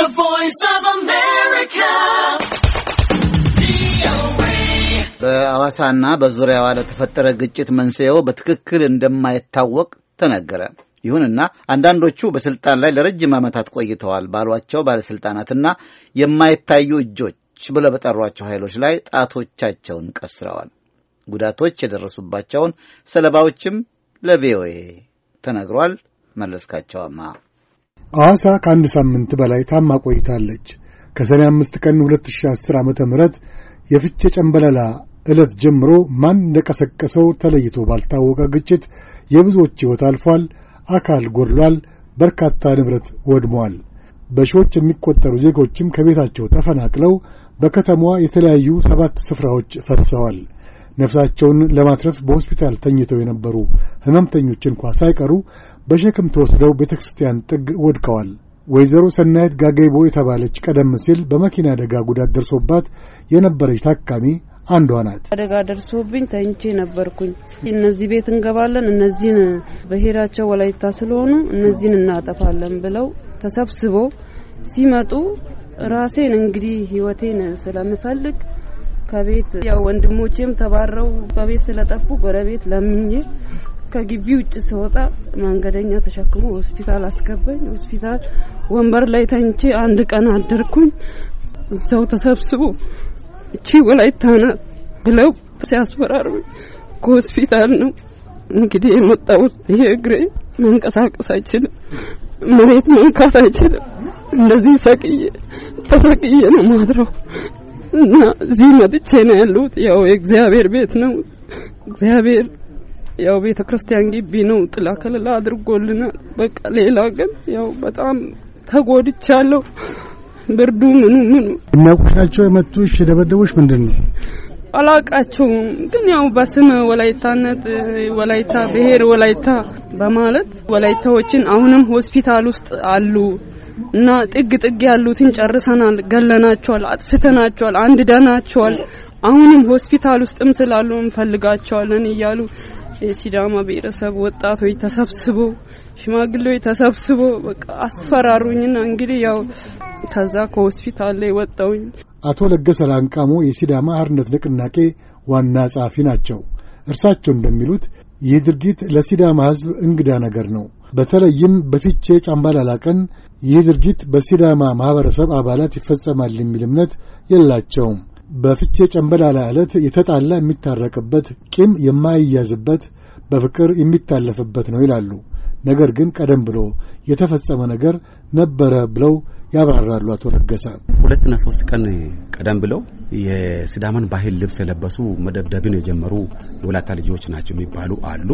The Voice of America. በአዋሳና በዙሪያዋ ለተፈጠረ ግጭት መንስኤው በትክክል እንደማይታወቅ ተነገረ። ይሁንና አንዳንዶቹ በስልጣን ላይ ለረጅም ዓመታት ቆይተዋል ባሏቸው ባለሥልጣናትና የማይታዩ እጆች ብለው በጠሯቸው ኃይሎች ላይ ጣቶቻቸውን ቀስረዋል። ጉዳቶች የደረሱባቸውን ሰለባዎችም ለቪኦኤ ተነግሯል። መለስካቸዋማ አዋሳ ከአንድ ሳምንት በላይ ታማ ቆይታለች። ከሰኔ አምስት ቀን 2010 ዓ ም የፍቼ ጨንበላላ ዕለት ጀምሮ ማን እንደቀሰቀሰው ተለይቶ ባልታወቀ ግጭት የብዙዎች ሕይወት አልፏል፣ አካል ጎድሏል፣ በርካታ ንብረት ወድሟል። በሺዎች የሚቆጠሩ ዜጎችም ከቤታቸው ተፈናቅለው በከተማዋ የተለያዩ ሰባት ስፍራዎች ፈሰዋል። ነፍሳቸውን ለማትረፍ በሆስፒታል ተኝተው የነበሩ ህመምተኞች እንኳ ሳይቀሩ በሸክም ተወስደው ቤተ ክርስቲያን ጥግ ወድቀዋል። ወይዘሮ ሰናየት ጋገይቦ የተባለች ቀደም ሲል በመኪና አደጋ ጉዳት ደርሶባት የነበረች ታካሚ አንዷ ናት። አደጋ ደርሶብኝ ተኝቼ ነበርኩኝ። እነዚህ ቤት እንገባለን፣ እነዚህን ብሔራቸው ወላይታ ስለሆኑ እነዚህን እናጠፋለን ብለው ተሰብስቦ ሲመጡ ራሴን እንግዲህ ህይወቴን ስለምፈልግ ከቤት ያው ወንድሞቼም ተባረው ከቤት ስለጠፉ ጎረቤት ለምኜ ከግቢ ውጭ ስወጣ መንገደኛ ተሸክሞ ሆስፒታል አስገባኝ። ሆስፒታል ወንበር ላይ ተኝቼ አንድ ቀን አደርኩኝ። እዛው ተሰብስቦ እቺ ወላይታ ናት ብለው ሲያስፈራሩኝ ከሆስፒታል ነው እንግዲህ የመጣሁት። ይሄ እግሬ መንቀሳቀስ አይችልም፣ መሬት መንካት አይችልም። እንደዚህ ሰቅዬ ተሰቅዬ ነው ማድረው እና እዚህ መጥቼ ነው ያሉት። ያው የእግዚአብሔር ቤት ነው። እግዚአብሔር ያው ቤተ ክርስቲያን ግቢ ነው ጥላ ከለላ አድርጎልናል። በቃ ሌላ ግን ያው በጣም ተጎድቻለሁ። ብርዱ ምኑ ምኑ የሚያውቁሽ ናቸው የመቱሽ የደበደቡሽ ምንድን ነው? ግን ያው በስም ወላይታነት ወላይታ ብሔር ወላይታ በማለት ወላይታዎችን አሁንም ሆስፒታል ውስጥ አሉ እና ጥግ ጥግ ያሉትን ጨርሰናል፣ ገለናቸዋል፣ አጥፍተናቸዋል፣ አንድደናቸዋል። አሁንም ሆስፒታል ውስጥም ስላሉ እንፈልጋቸዋለን እያሉ የሲዳማ ብሔረሰብ ወጣቶች ተሰብስቦ ሽማግሌዎች ተሰብስቦ በቃ አስፈራሩኝና እንግዲህ ያው ከዛ ከሆስፒታል ላይ ወጣውኝ። አቶ ለገሰ ላንቃሞ የሲዳማ አርነት ንቅናቄ ዋና ጸሐፊ ናቸው። እርሳቸው እንደሚሉት ይህ ድርጊት ለሲዳማ ሕዝብ እንግዳ ነገር ነው። በተለይም በፊቼ ጫምባላላ ቀን ይህ ድርጊት በሲዳማ ማኅበረሰብ አባላት ይፈጸማል የሚል እምነት የላቸውም። በፍቼ ጨምበላላ ዕለት የተጣላ የሚታረቅበት፣ ቂም የማይያዝበት፣ በፍቅር የሚታለፍበት ነው ይላሉ። ነገር ግን ቀደም ብሎ የተፈጸመ ነገር ነበረ ብለው ያብራራሉ አቶ ረገሰ። ሁለትና ሶስት ቀን ቀደም ብለው የስዳማን ባህል ልብስ የለበሱ መደብደብን የጀመሩ የወላታ ልጆች ናቸው የሚባሉ አሉ።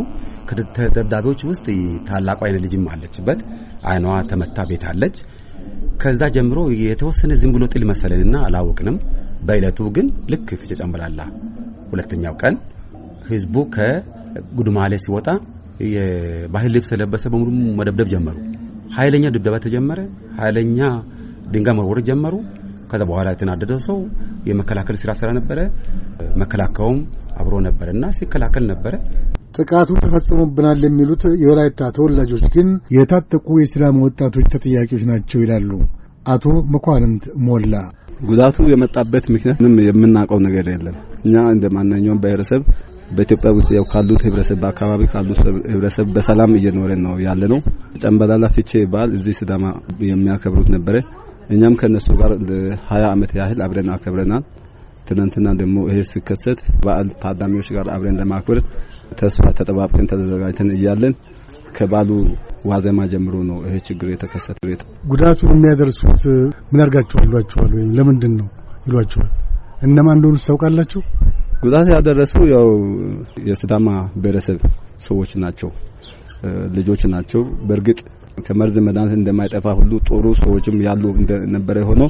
ከተደብዳቢዎች ውስጥ ታላቁ አይነ ልጅም አለችበት። አይኗ ተመታ ቤት አለች። ከዛ ጀምሮ የተወሰነ ዝም ብሎ ጥል መሰለንና አላወቅንም። በእለቱ ግን ልክ ፊቼ ጨምበላላ ሁለተኛው ቀን ህዝቡ ከጉድማሌ ሲወጣ የባህል ልብስ የለበሰ በሙሉ መደብደብ ጀመሩ። ኃይለኛ ድብደባ ተጀመረ። ኃይለኛ ድንጋይ መወርወር ጀመሩ። ከዛ በኋላ የተናደደ ሰው የመከላከል ስራ ስለነበረ መከላከያውም አብሮ ነበረ እና ሲከላከል ነበረ። ጥቃቱ ተፈጽሞብናል የሚሉት የወላይታ ተወላጆች ግን የታጠቁ የሰላም ወጣቶች ተጠያቂዎች ናቸው ይላሉ አቶ መኳንንት ሞላ። ጉዳቱ የመጣበት ምክንያት ምንም የምናውቀው ነገር የለም። እኛ እንደ ማንኛውም ብሔረሰብ በኢትዮጵያ ውስጥ ያው ካሉት ህብረተሰብ በአካባቢ ካሉት ህብረተሰብ በሰላም እየኖረን ነው ያለ ነው። ጨምበላላ ፍቼ በዓል እዚህ ሲዳማ የሚያከብሩት ነበረ። እኛም ከነሱ ጋር ሀያ አመት ያህል አብረን አከብረናል። ትናንትና ደግሞ ይሄ ሲከሰት በዓል ታዳሚዎች ጋር አብረን ለማክበር ተስፋ ተጠባብቀን ተዘጋጅተን እያለን ከባሉ ዋዜማ ጀምሮ ነው ይሄ ችግር የተከሰተ። ጉዳቱን የሚያደርሱት ምን አድርጋችኋል ይሏችኋል ወይም ለምንድን ነው ይሏችኋል? እነማን እንደሆኑ ታውቃላችሁ? ጉዳት ያደረሱ ያው የስዳማ ብሔረሰብ ሰዎች ናቸው፣ ልጆች ናቸው። በእርግጥ ከመርዝ መድኃኒት እንደማይጠፋ ሁሉ ጥሩ ሰዎችም ያሉ እንደነበረ ሆኖ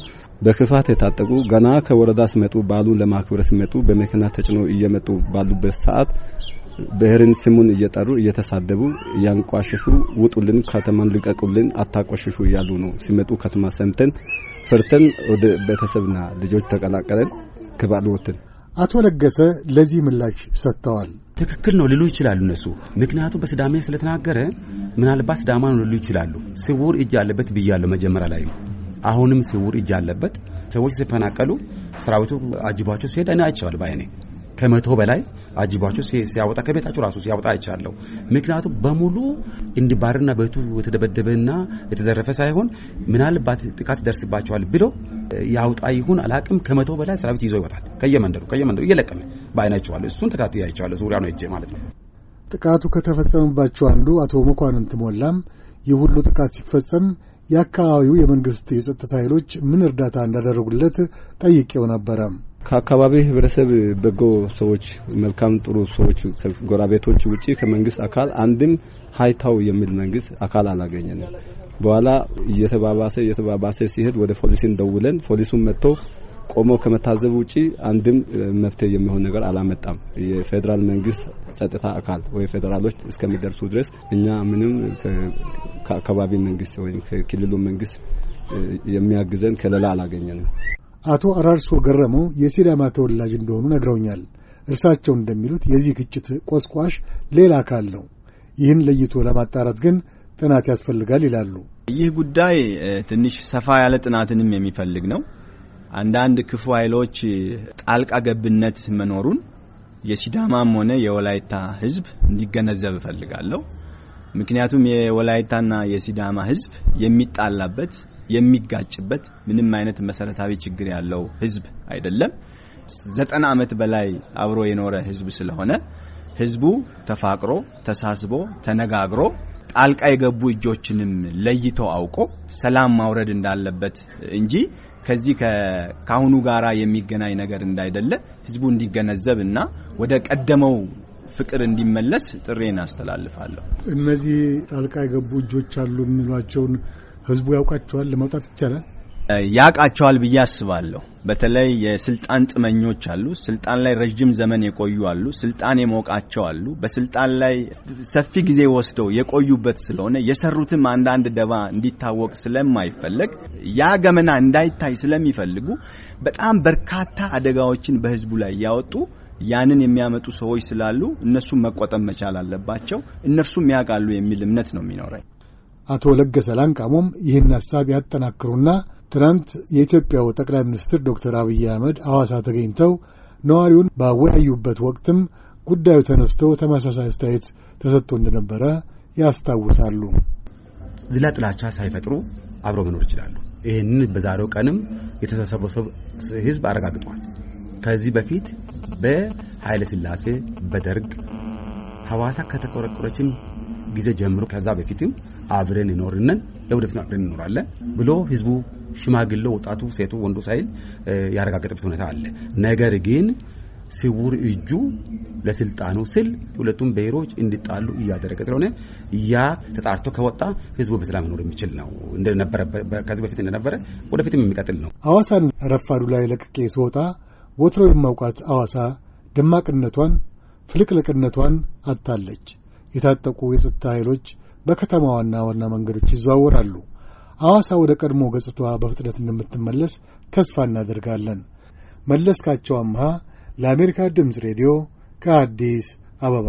በክፋት የታጠቁ ገና ከወረዳ ሲመጡ በዓሉን ለማክበር ሲመጡ በመኪና ተጭኖ እየመጡ ባሉበት ሰዓት ብሔርን ስሙን እየጠሩ እየተሳደቡ እያንቋሽሹ ውጡልን፣ ከተማን ልቀቁልን፣ አታቆሽሹ እያሉ ነው ሲመጡ። ከተማ ሰምተን ፍርተን ወደ ቤተሰብና ልጆች ተቀላቀለን። ከባሉ ወጥተን አቶ ለገሰ ለዚህ ምላሽ ሰጥተዋል። ትክክል ነው ሊሉ ይችላሉ እነሱ። ምክንያቱም በስዳሜ ስለተናገረ ምናልባት ስዳማ ነው ሊሉ ይችላሉ። ስውር እጅ አለበት ብያለሁ መጀመሪያ ላይ ነው። አሁንም ስውር እጅ አለበት። ሰዎች ሲፈናቀሉ ሰራዊቱ አጅቧቸው ሲሄድ እኔ አይቼዋለሁ በዓይኔ ከመቶ በላይ አጅቧቸው ሲያወጣ ከቤታቸው ራሱ ሲያወጣ አይቻለሁ። ምክንያቱም በሙሉ እንዲባርና ቤቱ የተደበደበና የተዘረፈ ሳይሆን ምናልባት ጥቃት ይደርስባቸዋል ብሎ ያውጣ ይሁን አላቅም ከመቶ በላይ ሰራዊት ይዞ ይወጣል። ከየመንደሩ ከየመንደሩ እየለቀመ በአይናቸዋለሁ። እሱን ተካቱ ያይቸዋለሁ። ዙሪያ ነው እጄ ማለት ነው። ጥቃቱ ከተፈጸመባቸው አንዱ አቶ መኳንንት ሞላም ይህ ሁሉ ጥቃት ሲፈጸም የአካባቢው የመንግሥት የጸጥታ ኃይሎች ምን እርዳታ እንዳደረጉለት ጠይቄው ነበረ። ከአካባቢ ህብረተሰብ በጎ ሰዎች፣ መልካም ጥሩ ሰዎች፣ ጎራቤቶች ውጪ ከመንግስት አካል አንድም ሀይታው የሚል መንግስት አካል አላገኘንም። በኋላ እየተባባሰ እየተባባሰ ሲሄድ ወደ ፖሊሲን ደውለን ፖሊሱን መጥቶ ቆሞ ከመታዘብ ውጪ አንድም መፍትሄ የሚሆን ነገር አላመጣም። የፌዴራል መንግስት ጸጥታ አካል ወይ ፌዴራሎች እስከሚደርሱ ድረስ እኛ ምንም ከአካባቢ መንግስት ወይም ከክልሉ መንግስት የሚያግዘን ከለላ አላገኘንም። አቶ አራርሶ ገረመው የሲዳማ ተወላጅ እንደሆኑ ነግረውኛል። እርሳቸው እንደሚሉት የዚህ ግጭት ቆስቋሽ ሌላ አካል ነው። ይህን ለይቶ ለማጣራት ግን ጥናት ያስፈልጋል ይላሉ። ይህ ጉዳይ ትንሽ ሰፋ ያለ ጥናትንም የሚፈልግ ነው። አንዳንድ ክፉ ኃይሎች ጣልቃ ገብነት መኖሩን የሲዳማም ሆነ የወላይታ ሕዝብ እንዲገነዘብ እፈልጋለሁ። ምክንያቱም የወላይታና የሲዳማ ህዝብ የሚጣላበት የሚጋጭበት ምንም አይነት መሰረታዊ ችግር ያለው ህዝብ አይደለም። ዘጠና ዓመት በላይ አብሮ የኖረ ህዝብ ስለሆነ ህዝቡ ተፋቅሮ ተሳስቦ ተነጋግሮ ጣልቃ የገቡ እጆችንም ለይቶ አውቆ ሰላም ማውረድ እንዳለበት እንጂ ከዚህ ከአሁኑ ጋራ የሚገናኝ ነገር እንዳይደለ ህዝቡ እንዲገነዘብ እና ወደ ቀደመው ፍቅር እንዲመለስ ጥሬን አስተላልፋለሁ። እነዚህ ጣልቃ የገቡ እጆች አሉ የሚሏቸውን ህዝቡ ያውቃቸዋል፣ ለማውጣት ይቻላል ያውቃቸዋል ብዬ አስባለሁ። በተለይ የስልጣን ጥመኞች አሉ። ስልጣን ላይ ረዥም ዘመን የቆዩ አሉ። ስልጣን የሞቃቸው አሉ። በስልጣን ላይ ሰፊ ጊዜ ወስደው የቆዩበት ስለሆነ የሰሩትም አንዳንድ ደባ እንዲታወቅ ስለማይፈለግ ያ ገመና እንዳይታይ ስለሚፈልጉ በጣም በርካታ አደጋዎችን በህዝቡ ላይ ያወጡ ያንን የሚያመጡ ሰዎች ስላሉ እነሱም መቆጠብ መቻል አለባቸው። እነርሱም ያውቃሉ የሚል እምነት ነው የሚኖረኝ። አቶ ለገሰ ላንቃሞም ይህን ሀሳብ ያጠናክሩና ትናንት የኢትዮጵያው ጠቅላይ ሚኒስትር ዶክተር አብይ አህመድ ሐዋሳ ተገኝተው ነዋሪውን ባወያዩበት ወቅትም ጉዳዩ ተነስቶ ተመሳሳይ አስተያየት ተሰጥቶ እንደነበረ ያስታውሳሉ። ዝላ ጥላቻ ሳይፈጥሩ አብሮ መኖር ይችላሉ። ይህንን በዛሬው ቀንም የተሰበሰበው ሕዝብ አረጋግጧል። ከዚህ በፊት በኃይለ ሥላሴ በደርግ ሐዋሳ ከተቆረቆረችን ጊዜ ጀምሮ ከዛ በፊትም አብረን ይኖርነን ለወደፊት አብረን እንኖራለን ብሎ ህዝቡ ሽማግሌው፣ ወጣቱ፣ ሴቱ፣ ወንዱ ሳይል ያረጋገጠበት ሁኔታ አለ። ነገር ግን ስውር እጁ ለስልጣኑ ስል ሁለቱም ብሔሮች እንዲጣሉ እያደረገ ስለሆነ ያ ተጣርቶ ከወጣ ህዝቡ በሰላም መኖር የሚችል ነው እንደነበረ ከዚህ በፊት እንደነበረ ወደፊትም የሚቀጥል ነው። ሐዋሳን ረፋዱ ላይ ለቅቄ ስወጣ ወትሮ የማውቃት አዋሳ ደማቅነቷን ፍልቅልቅነቷን አጥታለች። የታጠቁ የጸጥታ ኃይሎች በከተማ ዋና ዋና መንገዶች ይዘዋወራሉ። አዋሳ ወደ ቀድሞ ገጽቷ በፍጥነት እንደምትመለስ ተስፋ እናደርጋለን። መለስካቸው አምሃ ለአሜሪካ ድምፅ ሬዲዮ ከአዲስ አበባ